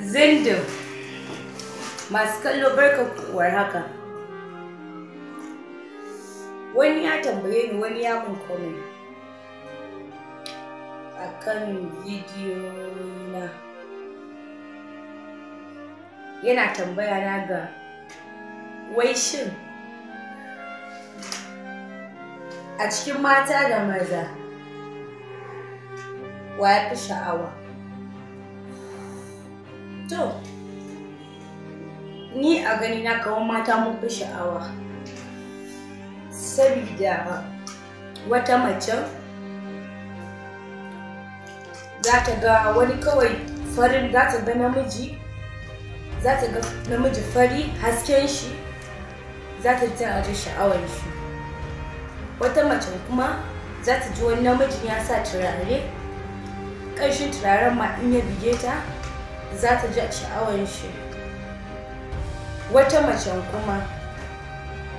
zindin masu kallo barka kuwar haka wani ya tambaye ni wani ya mun komen a kan na yana tambaya na ga wai shin a cikin mata da maza wa ya fi sha'awa To, ni a gani na kawo mata muku sha'awa. Sabida wata mace za ta ga wani kawai farin za ta ga namiji za ta ga namiji fari hasken shi za ta ji tana sha'awar shi wata mace kuma za ta ji wani namijin ya sa turare ƙarshen turaren ma in ya bige ta za ta ji sha'awar shi wata macen kuma